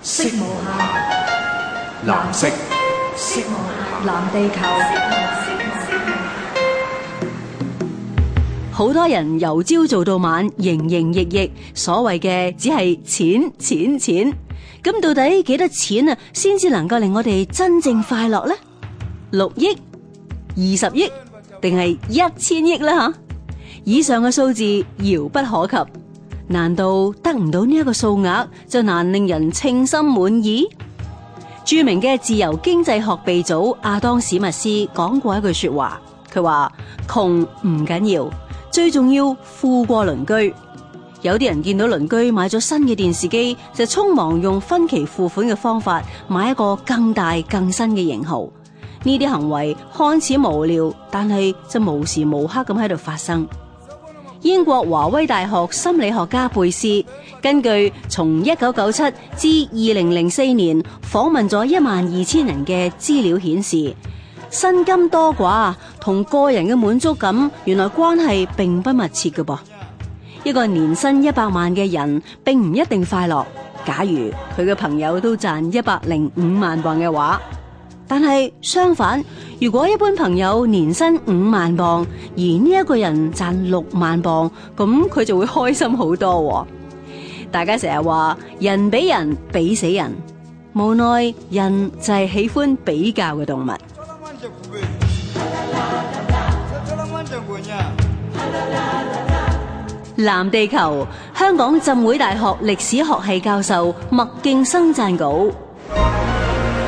色無限，藍色。色無限，藍地球。好多人由朝做到晚，營營役役，所謂嘅只係錢，錢，錢。咁到底幾多錢啊？先至能夠令我哋真正快樂咧？六億、二十億，定係一千億咧？吓，以上嘅數字遙不可及。難道得唔到呢一個數額就難令人稱心滿意？著名嘅自由經濟學鼻祖阿當史密斯講過一句說話，佢話：窮唔緊要，最重要富過鄰居。有啲人見到鄰居買咗新嘅電視機，就匆忙用分期付款嘅方法買一個更大、更新嘅型號。呢啲行為看似無聊，但係就無時無刻咁喺度發生。英國華威大學心理學家貝斯根據從一九九七至二零零四年訪問咗一萬二千人嘅資料顯示，薪金多寡同個人嘅滿足感原來關係並不密切嘅。噃，一個年薪一百萬嘅人，並唔一定快樂，假如佢嘅朋友都賺一百零五萬鎊嘅話。但係相反，如果一般朋友年薪五萬磅，而呢一個人賺六萬磅，咁佢就會開心好多。大家成日話人比人比死人，無奈人就係喜歡比較嘅動物。藍地球，香港浸會大學歷史學系教授麥勁生撰稿。